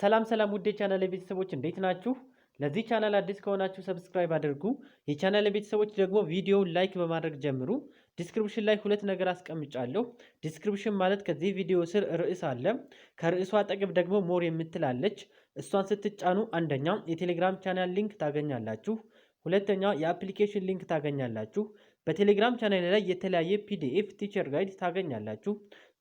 ሰላም ሰላም ውዴ ቻናል ቤተሰቦች እንዴት ናችሁ? ለዚህ ቻናል አዲስ ከሆናችሁ ሰብስክራይብ አድርጉ። የቻናል ቤተሰቦች ደግሞ ቪዲዮውን ላይክ በማድረግ ጀምሩ። ዲስክሪፕሽን ላይ ሁለት ነገር አስቀምጫለሁ። ዲስክሪፕሽን ማለት ከዚህ ቪዲዮ ስር ርዕስ አለ። ከርዕሱ አጠገብ ደግሞ ሞር የምትላለች እሷን ስትጫኑ አንደኛ የቴሌግራም ቻናል ሊንክ ታገኛላችሁ፣ ሁለተኛ የአፕሊኬሽን ሊንክ ታገኛላችሁ። በቴሌግራም ቻናል ላይ የተለያየ ፒዲኤፍ ቲቸር ጋይድ ታገኛላችሁ።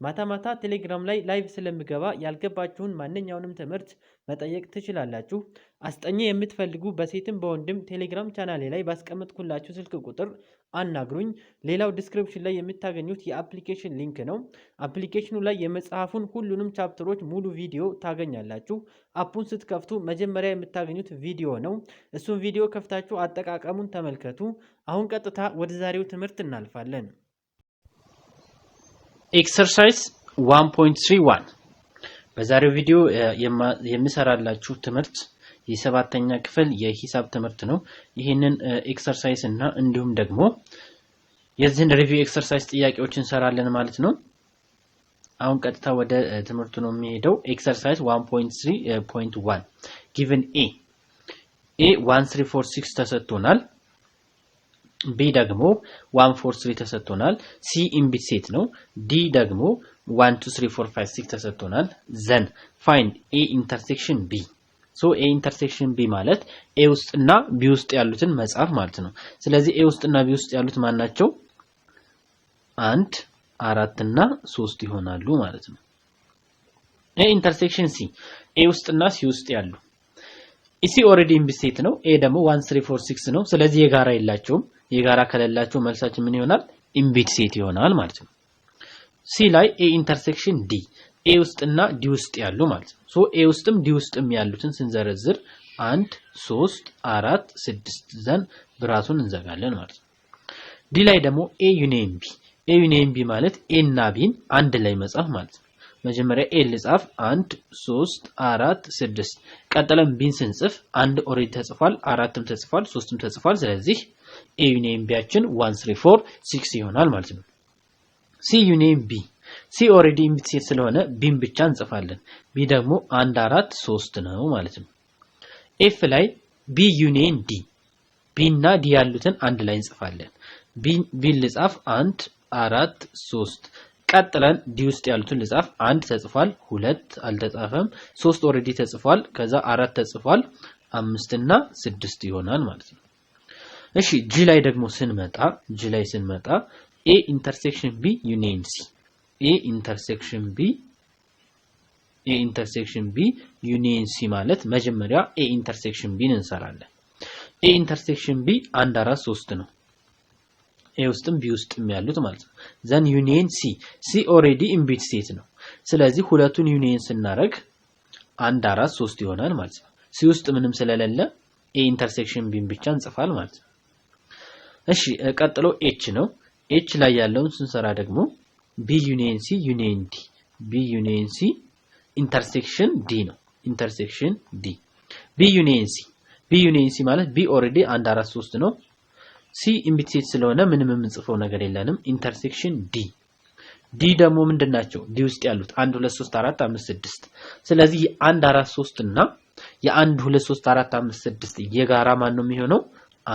ማታ ማታ ቴሌግራም ላይ ላይቭ ስለምገባ ያልገባችሁን ማንኛውንም ትምህርት መጠየቅ ትችላላችሁ። አስጠኚ የምትፈልጉ በሴትም በወንድም ቴሌግራም ቻናሌ ላይ ባስቀመጥኩላችሁ ስልክ ቁጥር አናግሩኝ። ሌላው ዲስክሪፕሽን ላይ የምታገኙት የአፕሊኬሽን ሊንክ ነው። አፕሊኬሽኑ ላይ የመጽሐፉን ሁሉንም ቻፕተሮች ሙሉ ቪዲዮ ታገኛላችሁ። አፑን ስትከፍቱ መጀመሪያ የምታገኙት ቪዲዮ ነው። እሱን ቪዲዮ ከፍታችሁ አጠቃቀሙን ተመልከቱ። አሁን ቀጥታ ወደ ዛሬው ትምህርት እናልፋለን። ኤክሰርሳይዝ 1.31 በዛሬው ቪዲዮ የምሰራላችሁ ትምህርት የሰባተኛ ክፍል የሂሳብ ትምህርት ነው። ይህንን ኤክሰርሳይዝ እና እንዲሁም ደግሞ የዚህን ሪቪው ኤክሰርሳይዝ ጥያቄዎች እንሰራለን ማለት ነው። አሁን ቀጥታ ወደ ትምህርቱ ነው የሚሄደው። ኤክሰርሳይዝ 1.3.1 ጊቭን ኤ ኤ 1346 ተሰጥቶናል። ቢ ደግሞ ዋን ፎር ስሪ ተሰጥቶናል። ሲ ኢምቢት ሴት ነው። ዲ ደግሞ ዋን ቱ ስሪ ፎር ፋይቭ ሲክስ ተሰጥቶናል። ዘን ፋይንድ ኤ ኢንተርሴክሽን ቢ ሶ ኤ ኢንተርሴክሽን ቢ ማለት ኤ ውስጥና ቢ ውስጥ ያሉትን መጻፍ ማለት ነው። ስለዚህ ኤ ውስጥና ቢ ውስጥ ያሉት ማን ናቸው? አንድ አራት እና ሶስት ይሆናሉ ማለት ነው። ኤ ኢንተርሴክሽን ሲ ኤ ውስጥና ሲ ውስጥ ያሉ ኢሲ ኦልሬዲ ኢምቢት ሴት ነው። ኤ ደግሞ ዋን ስሪ ፎር ሲክስ ነው። ስለዚህ የጋራ የላቸውም። የጋራ ከሌላቸው መልሳችን ምን ይሆናል? ኢምቢት ሴት ይሆናል ማለት ነው። ሲ ላይ ኤ ኢንተርሴክሽን ዲ ኤ ውስጥና ዲ ውስጥ ያሉ ማለት ነው። ሶ ኤ ውስጥም ዲ ውስጥም ያሉትን ስንዘረዝር አንድ ሶስት አራት ስድስት ዘን ብራሱን እንዘጋለን ማለት ነው። ዲ ላይ ደግሞ ኤ ዩኒየን ቢ ኤ ዩኒየን ቢ ማለት ኤ እና ቢን አንድ ላይ መጻፍ ማለት ነው። መጀመሪያ ኤ ልጻፍ አንድ ሶስት አራት ስድስት ቀጥለን ቢን ስንጽፍ አንድ ኦሬዲ ተጽፏል፣ አራትም ተጽፏል፣ ሶስትም ተጽፏል። ስለዚህ ኤዩኒየም ቢያችን ዋን ስሪ ፎር ይሆናል ማለት ነው። ሲ ዩኒየም ቢ ሲ ኦልሬዲ ኢምፕሊሲት ስለሆነ ቢን ብቻ እንጽፋለን። ቢ ደግሞ 1 አራት ሶስት ነው ማለት ነው። ኤፍ ላይ ቢ ዩኒየን ዲ ቢ እና ዲ ያሉትን አንድ ላይ እንጽፋለን። ቢን ልጻፍ 1 4 3 ቀጥለን ዲ ውስጥ ያሉትን ልጻፍ አንድ ተጽፏል፣ ሁለት አልተጻፈም፣ ሶስት ኦልሬዲ ተጽፏል፣ ከዛ አራት ተጽፏል፣ አምስት እና ስድስት ይሆናል ማለት ነው። እሺ ጂ ላይ ደግሞ ስንመጣ ጂ ላይ ስንመጣ ኤ ኢንተርሴክሽን ቢ ዩኒየን ሲ ኤ ኢንተርሴክሽን ቢ ኤ ኢንተርሴክሽን ቢ ዩኒየን ሲ ማለት መጀመሪያ ኤ ኢንተርሴክሽን ቢን እንሰራለን። ኤ ኢንተርሴክሽን ቢ አንድ አራት ሶስት ነው። ኤ ውስጥም ቢ ውስጥም ያሉት ማለት ነው። ዘን ዩኒየን ሲ ሲ ኦሬዲ ኢምቢድ ስቴት ነው። ስለዚህ ሁለቱን ዩኒየን ስናደርግ አንድ አራት ሶስት ይሆናል ማለት ነው። ሲ ውስጥ ምንም ስለሌለ ኤ ኢንተርሴክሽን ቢን ብቻ እንጽፋል ማለት ነው። እሺ ቀጥሎ ኤች ነው። ኤች ላይ ያለውን ስንሰራ ደግሞ ቢ ዩኒየን ሲ ዩኒየን ዲ ቢ ዩኒየን ሲ ኢንተርሴክሽን ዲ ነው። ኢንተርሴክሽን ዲ ቢ ዩኒየን ሲ ቢ ዩኒየን ሲ ማለት ቢ ኦልሬዲ አንድ አራት ሶስት ነው። ሲ ኢምቢትሴት ስለሆነ ምንም የምንጽፈው ነገር የለንም። ኢንተርሴክሽን ዲ ዲ ደግሞ ምንድን ናቸው? ዲ ውስጥ ያሉት አንድ ሁለት ሶስት አራት አምስት ስድስት። ስለዚህ የአንድ አራት ሶስት እና የአንድ ሁለት ሶስት አራት አምስት ስድስት የጋራ ማን ነው የሚሆነው?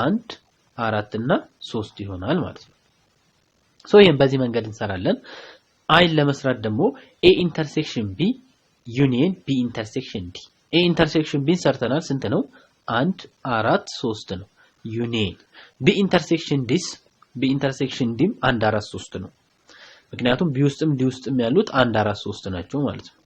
አንድ አራት እና ሶስት ይሆናል ማለት ነው። ሶ ይህም በዚህ መንገድ እንሰራለን። አይን ለመስራት ደግሞ ኤ ኢንተርሴክሽን ቢ ዩኒየን ቢ ኢንተርሴክሽን ዲ። ኤ ኢንተርሴክሽን ቢን ሰርተናል። ስንት ነው? አንድ አራት ሶስት ነው። ዩኒየን ቢ ኢንተርሴክሽን ዲስ ቢ ኢንተርሴክሽን ዲም አንድ አራት ሶስት ነው። ምክንያቱም ቢ ውስጥም ዲ ውስጥም ያሉት አንድ አራት ሶስት ናቸው ማለት ነው።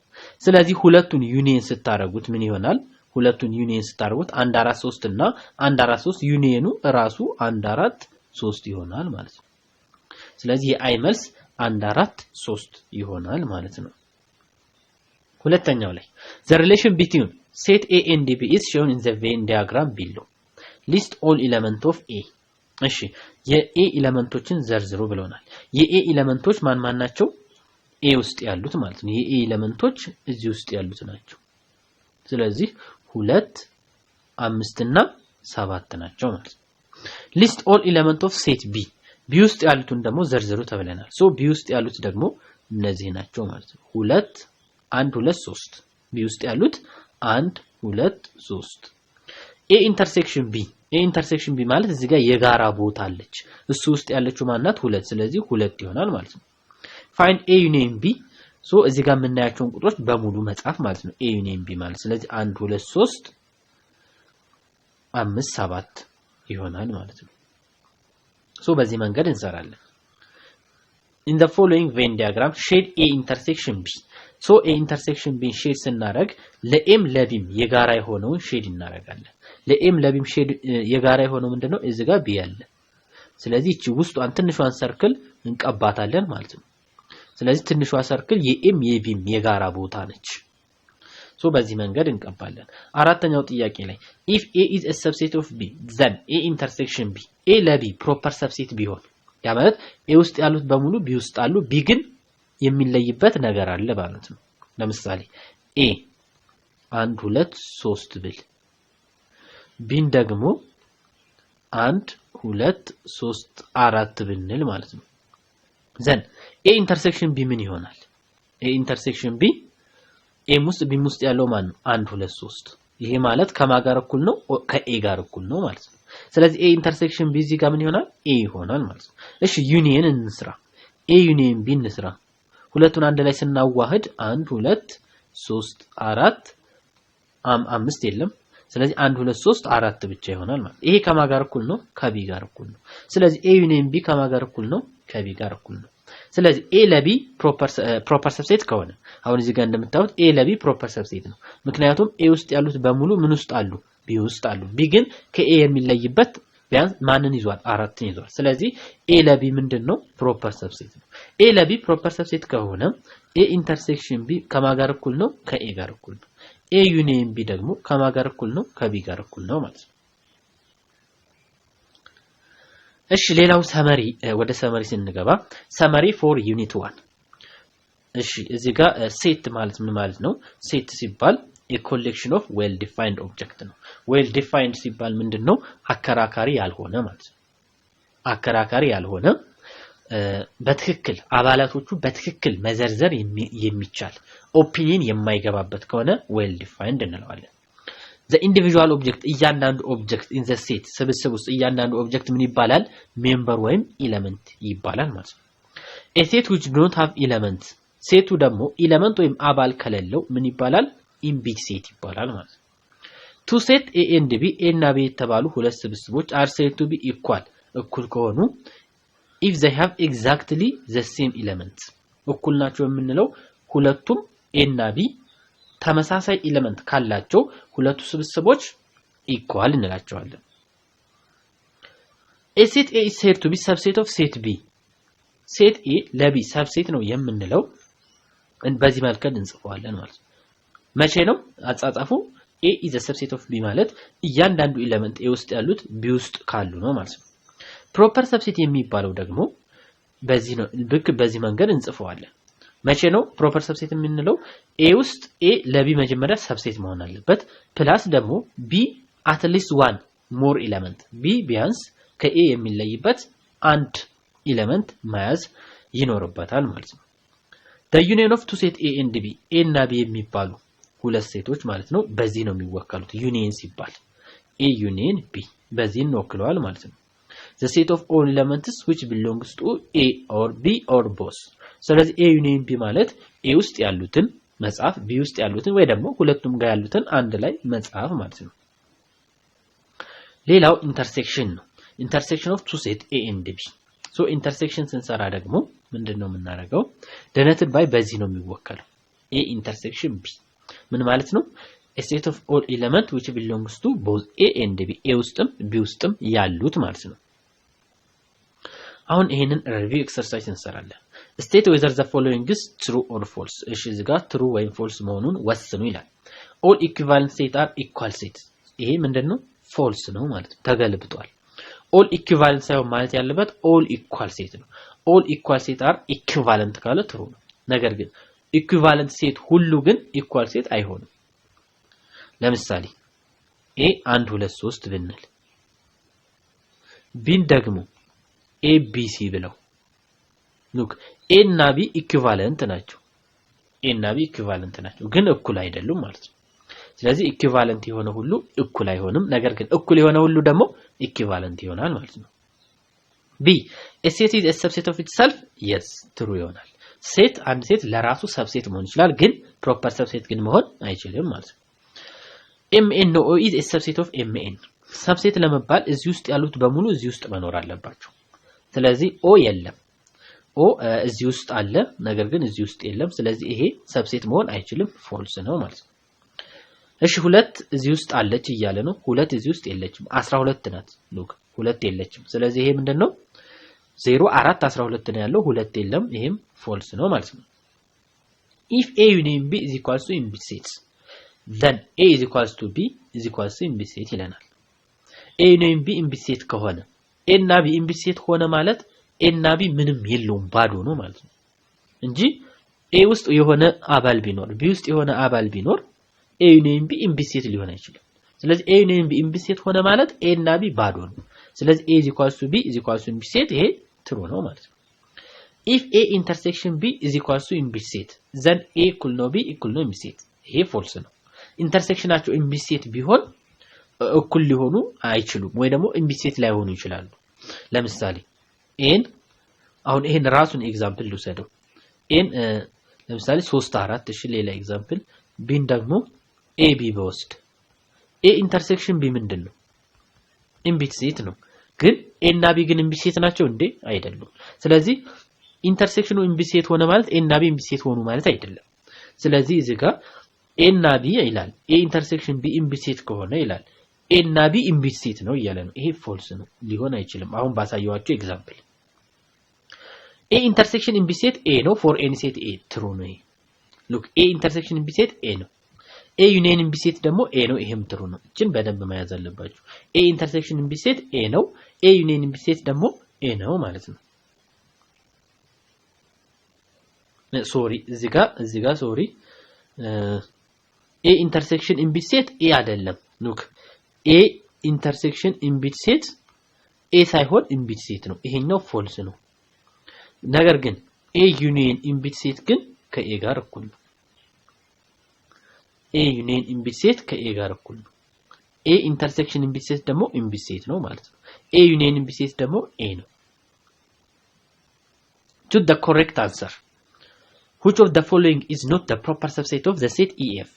ስለዚህ ሁለቱን ዩኒየን ስታረጉት ምን ይሆናል? ሁለቱን ዩኒየን ስታደርጉት አንድ አራት ሶስት እና አንድ አራት ሶስት ዩኒየኑ ራሱ አንድ አራት ሶስት ይሆናል ማለት ነው። ስለዚህ የአይ መልስ አንድ አራት ሶስት ይሆናል ማለት ነው። ሁለተኛው ላይ the relation between set a and ቢ is shown in the venn diagram below list all elements of a እሺ የኤ ኤለመንቶችን ዘርዝሩ ብለውናል። የኤ ኤለመንቶች ማን ማን ናቸው? ኤ ውስጥ ያሉት ማለት ነው። የኤ ኤለመንቶች እዚህ ውስጥ ያሉት ናቸው። ስለዚህ ሁለት አምስት እና ሰባት ናቸው ማለት ነው። ሊስት ኦል ኤሌመንት ኦፍ ሴት ቢ ቢ ውስጥ ያሉትን ደግሞ ዘርዝሩ ተብለናል። ሶ ቢ ውስጥ ያሉት ደግሞ እነዚህ ናቸው ማለት ነው። ሁለት አንድ ሁለት ሶስት ቢ ውስጥ ያሉት አንድ ሁለት ሶስት ኤ ኢንተርሴክሽን ቢ ኤ ኢንተርሴክሽን ቢ ማለት እዚህ ጋር የጋራ ቦታ አለች። እሱ ውስጥ ያለችው ማናት? ሁለት። ስለዚህ ሁለት ይሆናል ማለት ነው። ፋይንድ ኤ ዩኒየን ቢ እዚህ ጋር የምናያቸውን ቁጥሮች በሙሉ መጻፍ ማለት ነው። ኤ ዩኒየን ቢ ማለት ስለዚህ አንድ ሁለት ሶስት አምስት ሰባት ይሆናል ማለት ነው። ሶ በዚህ መንገድ እንሰራለን። ኢን ዘ ፎሎዊንግ ቬን ዲያግራም ሼድ ኤ ኢንተርሴክሽን ቢ ሶ ኤ ኢንተርሴክሽን ቢን ሼድ ስናደርግ ለኤም ለቢም የጋራ የሆነውን ሼድ እናደርጋለን። ለኤም ለቢም ሼድ የጋራ የሆነው ምንድነው? እዚህ ጋር ቢ ያለ ስለዚህ እቺ ውስጧን ትንሿን ሰርክል እንቀባታለን ማለት ነው። ስለዚህ ትንሿ ሰርክል የኤም የቢም የጋራ ቦታ ነች። ሶ በዚህ መንገድ እንቀባለን። አራተኛው ጥያቄ ላይ ኢፍ ኤ ኢዝ አ ሰብሴት ኦፍ ቢ ዘን ኤ ኢንተርሴክሽን ቢ ኤ ለቢ ፕሮፐር ሰብሴት ቢሆን ያ ማለት ኤ ውስጥ ያሉት በሙሉ ቢ ውስጥ አሉ፣ ቢ ግን የሚለይበት ነገር አለ ማለት ነው። ለምሳሌ ኤ አንድ ሁለት ሶስት ብል ቢን ደግሞ አንድ ሁለት ሶስት አራት ብንል ማለት ነው ዘን ኤ ኢንተርሴክሽን ቢ ምን ይሆናል? ኤ ኢንተርሴክሽን ቢ ኤም ውስጥ ቢም ውስጥ ያለው ማን ነው? አንድ ሁለት ሶስት። ይሄ ማለት ከማ ጋር እኩል ነው? ከኤ ጋር እኩል ነው ማለት ነው። ስለዚህ ኤ ኢንተርሴክሽን ቢ እዚህ ጋር ምን ይሆናል? ኤ ይሆናል ማለት ነው። እሺ ዩኒየን እንስራ። ኤ ዩኒየን ቢ እንስራ። ሁለቱን አንድ ላይ ስናዋህድ አንድ ሁለት ሶስት አራት አምስት የለም። ስለዚህ አንድ ሁለት ሶስት አራት ብቻ ይሆናል ማለት ይሄ ከማ ጋር እኩል ነው? ከቢ ጋር እኩል ነው። ስለዚህ ኤ ዩኒየን ቢ ከማ ጋር እኩል ነው? ከቢ ጋር እኩል ነው። ስለዚህ ኤ ለቢ ፕሮፐር ሰብሴት ከሆነ አሁን እዚህ ጋር እንደምታዩት ኤ ለቢ ፕሮፐር ሰብሴት ነው። ምክንያቱም ኤ ውስጥ ያሉት በሙሉ ምን ውስጥ አሉ? ቢ ውስጥ አሉ። ቢ ግን ከኤ የሚለይበት ቢያንስ ማንን ይዟል? አራትን ይዟል። ስለዚህ ኤ ለቢ ምንድን ነው? ፕሮፐር ሰብሴት ነው። ኤ ለቢ ፕሮፐር ሰብሴት ከሆነ ኤ ኢንተርሴክሽን ቢ ከማ ጋር እኩል ነው? ከኤ ጋር እኩል ነው። ኤ ዩኒየን ቢ ደግሞ ከማ ጋር እኩል ነው? ከቢ ጋር እኩል ነው ማለት ነው። እሺ ሌላው ሰመሪ ወደ ሰመሪ ስንገባ ሰመሪ ፎር ዩኒት ዋን። እሺ እዚህ ጋር ሴት ማለት ምን ማለት ነው? ሴት ሲባል የኮሌክሽን ኦፍ ዌል ዲፋይንድ ኦብጀክት ነው። ዌል ዲፋይንድ ሲባል ምንድን ነው? አከራካሪ ያልሆነ ማለት ነው። አከራካሪ ያልሆነ በትክክል አባላቶቹ በትክክል መዘርዘር የሚቻል ኦፒኒየን የማይገባበት ከሆነ ዌል ዲፋይንድ እንለዋለን። ዘ ኢንዲቪዥዋል ኦብጀክት እያንዳንዱ ኦብጀክት ኢን ዘ ሴት ስብስብ ውስጥ እያንዳንዱ ኦብጀክት ምን ይባላል? ሜምበር ወይም ኢለመንት ይባላል ማለት ነው። ኤ ሴት ዊች ዶንት ሃቭ ኢለመንት ሴቱ ደግሞ ኢለመንት ወይም አባል ከሌለው ምን ይባላል? ኢምቢግ ሴት ይባላል ማለት ነው። ቱ ሴት ኤ ኤንድ ቢ ኤ እና ቢ የተባሉ ሁለት ስብስቦች አር ሴት ቱ ቢ ኢኳል እኩል ከሆኑ ኢፍ ዘይ ሃቭ ኤግዛክትሊ ዘ ሴም ኢለመንት እኩል ናቸው የምንለው ሁለቱም ኤ እና ቢ ተመሳሳይ ኢለመንት ካላቸው ሁለቱ ስብስቦች ኢኳል እንላቸዋለን። ኤ ሴት ኤ ኢዝ ቱ ቢ ሰብሴት ኦፍ ሴት ቢ። ሴት ኤ ለቢ ሰብሴት ነው የምንለው በዚህ መልክ እንጽፈዋለን ማለት ነው። መቼ ነው አጻጻፉ? ኤ ኢዝ ሰብሴት ኦፍ ቢ ማለት እያንዳንዱ ኢለመንት ኤ ውስጥ ያሉት ቢ ውስጥ ካሉ ነው ማለት ነው። ፕሮፐር ሰብሴት የሚባለው ደግሞ በዚህ ነው። ልክ በዚህ መንገድ እንጽፈዋለን። መቼ ነው ፕሮፐር ሰብሴት የምንለው? ኤ ውስጥ ኤ ለቢ መጀመሪያ ሰብሴት መሆን አለበት። ፕላስ ደግሞ ቢ አትሊስት ዋን ሞር ኢለመንት ቢ ቢያንስ ከኤ የሚለይበት አንድ ኢለመንት መያዝ ይኖርበታል ማለት ነው። ዩኒየን ኦፍ ቱ ሴት ኤ ኤንድ ቢ ኤ እና ቢ የሚባሉ ሁለት ሴቶች ማለት ነው። በዚህ ነው የሚወከሉት ዩኒየን ሲባል ኤ ዩኒየን ቢ በዚህ እንወክለዋል ማለት ነው። ዘ ሴት ኦፍ ኦል ኢለመንትስ ዊች ቢሎንግስ ቱ ኤ ኦር ቢ ኦር ቦስ ስለዚህ ኤ ዩኒየን ቢ ማለት ኤ ውስጥ ያሉትን መጻፍ፣ ቢ ውስጥ ያሉትን ወይ ደግሞ ሁለቱም ጋር ያሉትን አንድ ላይ መጻፍ ማለት ነው። ሌላው ኢንተርሴክሽን ነው። ኢንተርሴክሽን ኦፍ ቱ ሴት ኤ ኤንድ ቢ ሶ ኢንተርሴክሽን ስንሰራ ደግሞ ምንድን ነው የምናደርገው? ደነትድ ባይ በዚህ ነው የሚወከለው። ኤ ኢንተርሴክሽን ቢ ምን ማለት ነው? ሴት ኦፍ ኦል ኤለመንት ዊች ቢሎንግስ ቱ ቦዝ ኤ ኤንድ ቢ ኤ ውስጥም ቢ ውስጥም ያሉት ማለት ነው። አሁን ይሄንን ሪቪው ኤክሰርሳይዝ እንሰራለን። ስቴት ዌዘር ዘ ፎሎዊንግ ትሩ ኦር ፎልስ። እሺ እዚህ ጋር ትሩ ወይም ፎልስ መሆኑን ወስኑ ይላል። ኦል ኢኩቫለንት ሴት አር ኢኳል ሴት። ይሄ ምንድን ነው? ፎልስ ነው ማለት ነው። ተገልብጧል። ኦል ኢኩቫለንት ሳይሆን ማለት ያለበት ኦል ኢኳል ሴት ነው። ኦል ኢኳል ሴት አር ኢኩቫለንት ካለ ትሩ ነው። ነገር ግን ኢኩቫለንት ሴት ሁሉ ግን ኢኳል ሴት አይሆንም። ለምሳሌ ኤ አንድ ሁለት ሶስት ብንል ቢን ደግሞ ኤ ቢ ሲ ብለው ሉክ ኤ እና ቢ ኢኩቫለንት ናቸው። ኤ እና ቢ ኢኩቫለንት ናቸው፣ ግን እኩል አይደሉም ማለት ነው። ስለዚህ ኢኩቫለንት የሆነ ሁሉ እኩል አይሆንም፣ ነገር ግን እኩል የሆነ ሁሉ ደግሞ ኢኩቫለንት ይሆናል ማለት ነው። ቢ ሴት ኢዝ ኤ ሰብሴት ኦፍ ኢትሰልፍ የስ ትሩ ይሆናል። ሴት አንድ ሴት ለራሱ ሰብሴት መሆን ይችላል፣ ግን ፕሮፐር ሰብሴት ግን መሆን አይችልም ማለት ነው። ኤምኤን ኦ ኢዝ ኤ ሰብሴት ኦፍ ኤምኤን ሰብሴት ለመባል እዚህ ውስጥ ያሉት በሙሉ እዚህ ውስጥ መኖር አለባቸው። ስለዚህ ኦ የለም ኦ እዚህ ውስጥ አለ፣ ነገር ግን እዚህ ውስጥ የለም። ስለዚህ ይሄ ሰብሴት መሆን አይችልም፣ ፎልስ ነው ማለት ነው። እሺ ሁለት እዚህ ውስጥ አለች እያለ ነው። ሁለት እዚህ ውስጥ የለችም፣ አስራ ሁለት ናት። ሉክ ሁለት የለችም። ስለዚህ ይሄ ምንድን ነው? ዜሮ አራት አስራ ሁለት ነው ያለው፣ ሁለት የለም። ይሄም ፎልስ ነው ማለት ነው። ኢፍ ኤ ዩኒየን ቢ ኢዝ ኢኳልስ ቱ ኢምቢ ሴት ዘን ኤ ኢዝ ኢኳልስ ቱ ቢ ኢዝ ኢኳልስ ቱ ኢምቢ ሴት ይለናል። ኤ ዩኒየን ቢ ኢምቢ ሴት ከሆነ ኤ እና ቢ ኢምቢ ሴት ሆነ ማለት ኤና ቢ ምንም የለውም ባዶ ነው ማለት ነው እንጂ ኤ ውስጥ የሆነ አባል ቢኖር ቢ ውስጥ የሆነ አባል ቢኖር ኤ ዩኒየን ቢ ኢምፕሊሲት ሊሆን አይችልም። ስለዚህ ኤ ዩኒየን ቢ ኢምፕሊሲት ሆነ ማለት ኤ እና ቢ ባዶ ነው። ስለዚህ ኤ ኢዝ ኢኳልስ ቱ ቢ ኢዝ ኢኳልስ ቱ ኢምፕሊሲት ይሄ ትሩ ነው ማለት ነው። ኢፍ ኤ ኢንተርሴክሽን ቢ ኢዝ ኢኳልስ ቱ ኢምፕሊሲት ዘን ኤ እኩል ነው ቢ እኩል ነው ኢምፕሊሲት ይሄ ፎልስ ነው። ኢንተርሴክሽናቸው ኢምፕሊሲት ቢሆን እኩል ሊሆኑ አይችሉም ወይ ደግሞ ኢምፕሊሲት ላይሆኑ ይችላሉ። ለምሳሌ ኤን አሁን ይሄን ራሱን ኤግዛምፕል ልውሰደው። ኤን ለምሳሌ ሶስት አራት እሺ፣ ሌላ ኤግዛምፕል ቢን ደግሞ ኤ ቢ በወስድ ኤ ኢንተርሴክሽን ቢ ምንድን ነው? ሴት ነው። ግን ኤ እና ቢ ግን ሴት ናቸው እንዴ? አይደሉም። ስለዚህ ኢንተርሴክሽኑ ኢምቢትሴት ሆነ ማለት ኤ እና ቢ ሴት ሆኑ ማለት አይደለም። ስለዚህ እዚህ ጋር ኤ እና ቢ ይላል። ኤ ኢንተርሴክሽን ቢ ሴት ከሆነ ይላል ኤ እና ቢ ኢምቢትሴት ነው እያለ ነው። ይሄ ፎልስ ነው፣ ሊሆን አይችልም። አሁን ባሳየዋቸው ኤግዛምፕል ኤ ኢንተርሴክሽን ኤምቢ ሴት ኤ ነው። ፎር ኤኒ ሴት ኤ ትሩ ነው። ይሄ ሉክ ኤ ኢንተርሴክሽን ኤምቢ ሴት ኤ ነው። ኤ ዩኒየን ኤምቢ ሴት ደግሞ ኤ ነው። ይሄም ትሩ ነው። እችን በደንብ መያዝ አለባችሁ። ኤ ኢንተርሴክሽን ኤምቢ ሴት ኤ ነው። ኤ ዩኒየን ኤምቢ ሴት ደግሞ ኤ ነው ማለት ነው። ሶሪ እዚህ ጋር እዚህ ጋር ሶሪ ኤ ኢንተርሴክሽን ኤምቢ ሴት ኤ አይደለም። ሉክ ኤ ኢንተርሴክሽን ኤምቢ ሴት ኤ ሳይሆን ኤምቢ ሴት ነው። ይሄኛው ፎልስ ነው። ነገር ግን ኤ ዩኒየን ኢምፕሊሲት ግን ከኤ ጋር እኩል ነው። ኤ ዩኒየን ኢምፕሊሲት ከኤ ጋር እኩል ነው። ኤ ኢንተርሴክሽን ኢምፕሊሲት ደግሞ ኢምፕሊሲት ነው ማለት ነው። ኤ ዩኒየን ኢምፕሊሲት ደግሞ ኤ ነው። ቱ ዘ ኮሬክት አንሰር which of the following is not the proper subset of the set EF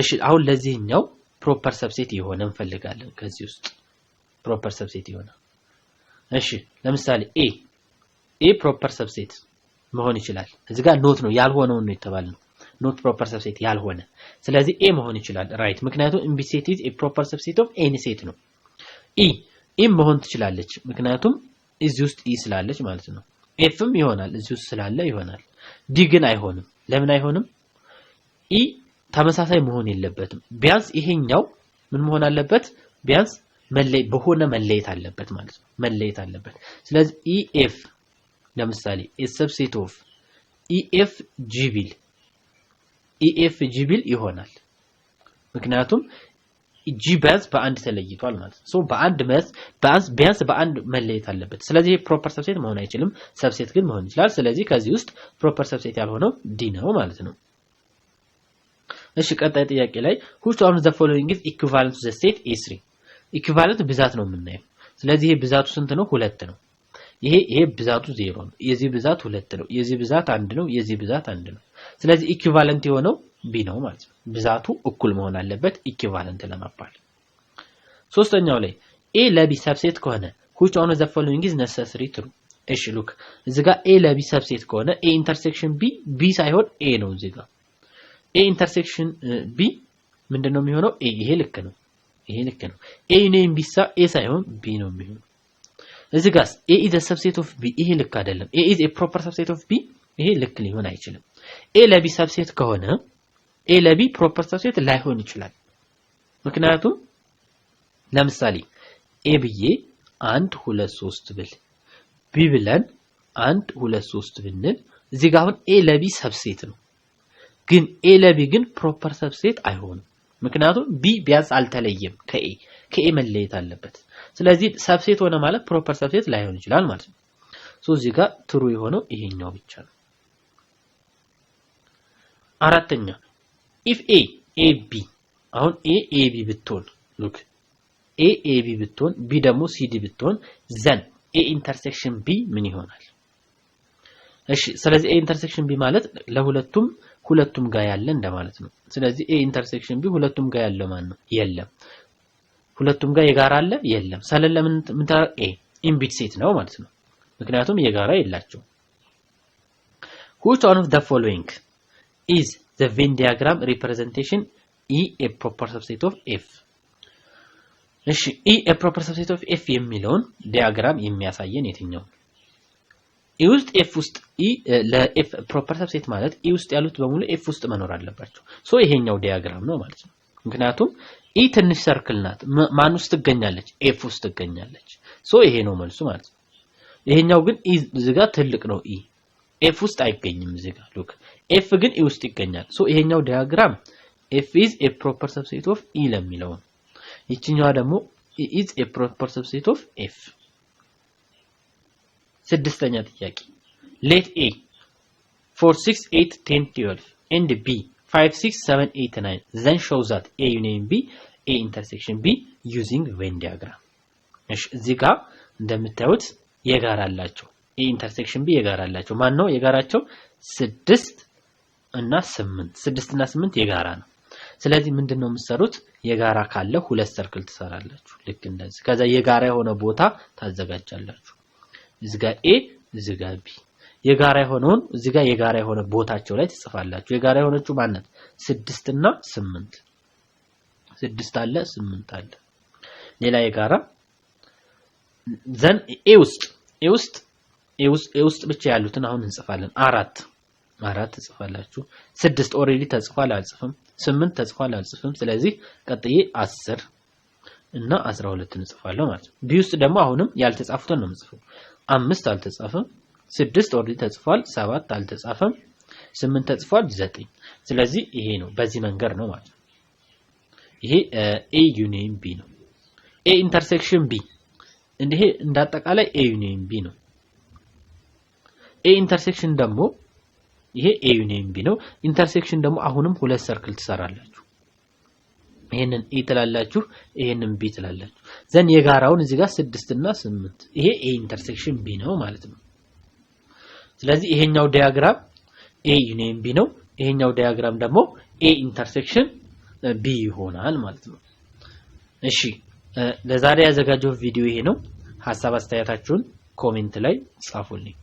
እሺ አሁን ለዚህኛው ፕሮፐር ሰብሴት የሆነ እንፈልጋለን። ከዚህ ውስጥ ፕሮፐር ሰብሴት የሆነ እሺ ለምሳሌ ኤ ኤ ፕሮፐር ሰብሴት መሆን ይችላል። እዚህ ጋር ኖት ነው ያልሆነውን ነው ነው። ኖት ፕሮፐር ሰብሴት ያልሆነ ስለዚህ ኤ መሆን ይችላል። ራይት ምክንያቱም ኤምቢ ሴት ኢዝ ኤ ፕሮፐር ሰብሴት ኦፍ ኤኒ ሴት ነው። ኢ e ኢም e መሆን ትችላለች ምክንያቱም እዚህ ውስጥ ኢ e ስላለች ማለት ነው። ኤፍም ይሆናል እዚህ ውስጥ ስላለ ይሆናል። ዲ ግን አይሆንም። ለምን አይሆንም? ኢ ተመሳሳይ መሆን የለበትም። ቢያንስ ይሄኛው ምን መሆን አለበት? ቢያንስ በሆነ መለየት አለበት ማለት ነው። መለየት አለበት። ስለዚህ ኢ ኤፍ ለምሳሌ ኤ ሰብሴት ኦፍ ኢኤፍ ጂ ቢል ኢኤፍ e ጂ ይሆናል። ምክንያቱም ጂ ቢያንስ በአንድ ተለይቷል ማለት ነው። በአንድ መስ ቢያንስ በአንድ መለየት አለበት። ስለዚህ ፕሮፐር ሰብሴት መሆን አይችልም። ሰብሴት ግን መሆን ይችላል። ስለዚህ ከዚህ ውስጥ ፕሮፐር ሰብሴት ያልሆነው ዲ ነው ማለት ነው። እሺ ቀጣይ ጥያቄ ላይ ሁቹ አሁን ዘ ፎሎዊንግ ኢዝ ኢኩቫለንት ቱ ዘ ሴት ኤ3 ኢኩቫለንት ብዛት ነው የምናየው። ስለዚህ ብዛቱ ስንት ነው? ሁለት ነው። ይሄ ይሄ ብዛቱ ዜሮ ነው። የዚህ ብዛት ሁለት ነው። የዚህ ብዛት አንድ ነው። የዚህ ብዛት አንድ ነው። ስለዚህ ኢኩቫለንት የሆነው ቢ ነው ማለት ነው። ብዛቱ እኩል መሆን አለበት ኢኩቫለንት ለመባል። ሶስተኛው ላይ ኤ ለቢ ሰብሴት ከሆነ which one of the following is necessary true? እሺ ሉክ እዚህ ጋር ኤ ለቢ ሰብሴት ከሆነ ኤ ኢንተርሴክሽን ቢ ቢ ሳይሆን ኤ ነው። እዚህ ጋር ኤ ኢንተርሴክሽን ቢ ምንድነው የሚሆነው? ኤ ይሄ ልክ ነው። ይሄ ልክ ነው። ኤ ነው ቢሳ ኤ ሳይሆን ቢ ነው የሚሆነው እዚ ጋስ ኤ ኢዘ ሰብሴት ኦፍ ቢ ይሄ ልክ አይደለም። ኤ ኢዝ ኤ ፕሮፐር ሰብሴት ኦፍ ቢ ይሄ ልክ ሊሆን አይችልም። ኤ ለቢ ሰብሴት ከሆነ ኤ ለቢ ፕሮፐር ሰብሴት ላይሆን ይችላል። ምክንያቱም ለምሳሌ ኤ ብዬ አንድ ሁለት ሶስት ብል ቢ ብለን አንድ ሁለት ሶስት ብንል እዚህ ጋር አሁን ኤ ለቢ ሰብሴት ነው። ግን ኤ ለቢ ግን ፕሮፐር ሰብሴት አይሆንም። ምክንያቱም ቢ ቢያንስ አልተለየም ከኤ ከኤ መለየት አለበት። ስለዚህ ሰብሴት ሆነ ማለት ፕሮፐር ሰብሴት ላይሆን ይችላል ማለት ነው። ሶ እዚህ ጋር ትሩ የሆነው ይሄኛው ብቻ ነው። አራተኛ ኢፍ ኤ ኤ ቢ አሁን ኤ ኤ ቢ ብትሆን ሉክ ኤ ኤ ቢ ብትሆን ቢ ደግሞ ሲዲ ብትሆን ዘን ኤ ኢንተርሴክሽን ቢ ምን ይሆናል? እሺ ስለዚህ ኤ ኢንተርሴክሽን ቢ ማለት ለሁለቱም ሁለቱም ጋር ያለ እንደማለት ነው። ስለዚህ ኤ ኢንተርሴክሽን ቢ ሁለቱም ጋር ያለው ማን ነው? የለም። ሁለቱም ጋር የጋራ አለ? የለም። ሰለለ ምን ኤ ኢምቢት ሴት ነው ማለት ነው። ምክንያቱም የጋራ የላቸው። which one of the following is the Venn diagram representation e a proper subset of f እሺ ኢ e a proper subset of f የሚለውን ዲያግራም የሚያሳየን የትኛው ኢ ውስጥ ኤፍ ውስጥ ኢ ለኤፍ ፕሮፐር ሰብሴት ማለት ኢ ውስጥ ያሉት በሙሉ ኤፍ ውስጥ መኖር አለባቸው። ሶ ይሄኛው ዲያግራም ነው ማለት ነው። ምክንያቱም ኢ ትንሽ ሰርክል ናት። ማን ውስጥ ትገኛለች? ኤፍ ውስጥ ትገኛለች። ሶ ይሄ ነው መልሱ ማለት ነው። ይሄኛው ግን ኢ ዝጋ ትልቅ ነው። ኢ ኤፍ ውስጥ አይገኝም። ዝጋ ሉክ ኤፍ ግን ኢ ውስጥ ይገኛል። ሶ ይሄኛው ዲያግራም ኤፍ ኢዝ ኤ ፕሮፐር ሰብሴት ኦፍ ኢ ለሚለው ይችኛዋ ደግሞ ኢ ኢዝ ኤ ፕሮፐር ሰብሴት ኦፍ ኤፍ ስድስተኛ ጥያቄ ሌት ኤ 4 6 8 10 12 ኤንድ ቢ 5 6 7 8 9 ዘን ሾው ዛት ኤ ዩኒየን ቢ ኤ ኢንተርሴክሽን ቢ ዩዚንግ ቬን ዲያግራም። እሺ እዚህ ጋር እንደምታዩት የጋራ አላቸው። ኤ ኢንተርሴክሽን ቢ የጋራ አላቸው። ማን ነው የጋራቸው? ስድስት እና ስምንት ስድስት እና ስምንት የጋራ ነው። ስለዚህ ምንድን ነው የምትሰሩት? የጋራ ካለ ሁለት ሰርክል ትሰራላችሁ፣ ልክ እንደዚህ። ከዛ የጋራ የሆነ ቦታ ታዘጋጃላችሁ። እዚጋ ኤ እዚጋ ቢ የጋራ የሆነውን እዚጋ የጋራ የሆነ ቦታቸው ላይ ትጽፋላችሁ። የጋራ የሆነችው ማነት ስድስት እና ስምንት ስድስት አለ ስምንት አለ። ሌላ የጋራ ዘን ኤ ውስጥ ኤ ውስጥ ኤ ውስጥ ብቻ ያሉትን አሁን እንጽፋለን። አራት አራት ትጽፋላችሁ። ስድስት ኦሬዲ ተጽፏል አልጽፍም። ስምንት ተጽፏል አልጽፍም። ስለዚህ ቀጥዬ አስር እና አስራ ሁለትን እንጽፋለሁ ማለት ነው። ቢ ውስጥ ደግሞ አሁንም ያልተጻፉትን ነው የምጽፈው። አምስት አልተጻፈም። ስድስት ኦርዲ ተጽፏል። ሰባት አልተጻፈም። ስምንት ተጽፏል። ዘጠኝ ስለዚህ ይሄ ነው። በዚህ መንገድ ነው ማለት ነው። ይሄ ኤ ዩኒየን ቢ ነው። ኤ ኢንተርሴክሽን ቢ እንዲህ እንዳጠቃላይ ኤ ዩኒየን ቢ ነው። ኤ ኢንተርሴክሽን ደግሞ ይሄ ኤ ዩኒየን ቢ ነው። ኢንተርሴክሽን ደግሞ አሁንም ሁለት ሰርክል ትሰራላችሁ። ይሄንን ኤ ትላላችሁ፣ ይሄንን ቢ ትላላችሁ። ዘን የጋራውን እዚህ ጋር ስድስት እና ስምንት ይሄ ኤ ኢንተርሴክሽን ቢ ነው ማለት ነው። ስለዚህ ይሄኛው ዲያግራም ኤ ዩኒየን ቢ ነው። ይሄኛው ዲያግራም ደግሞ ኤ ኢንተርሴክሽን ቢ ይሆናል ማለት ነው። እሺ ለዛሬ ያዘጋጀው ቪዲዮ ይሄ ነው። ሀሳብ አስተያየታችሁን ኮሜንት ላይ ጻፉልኝ።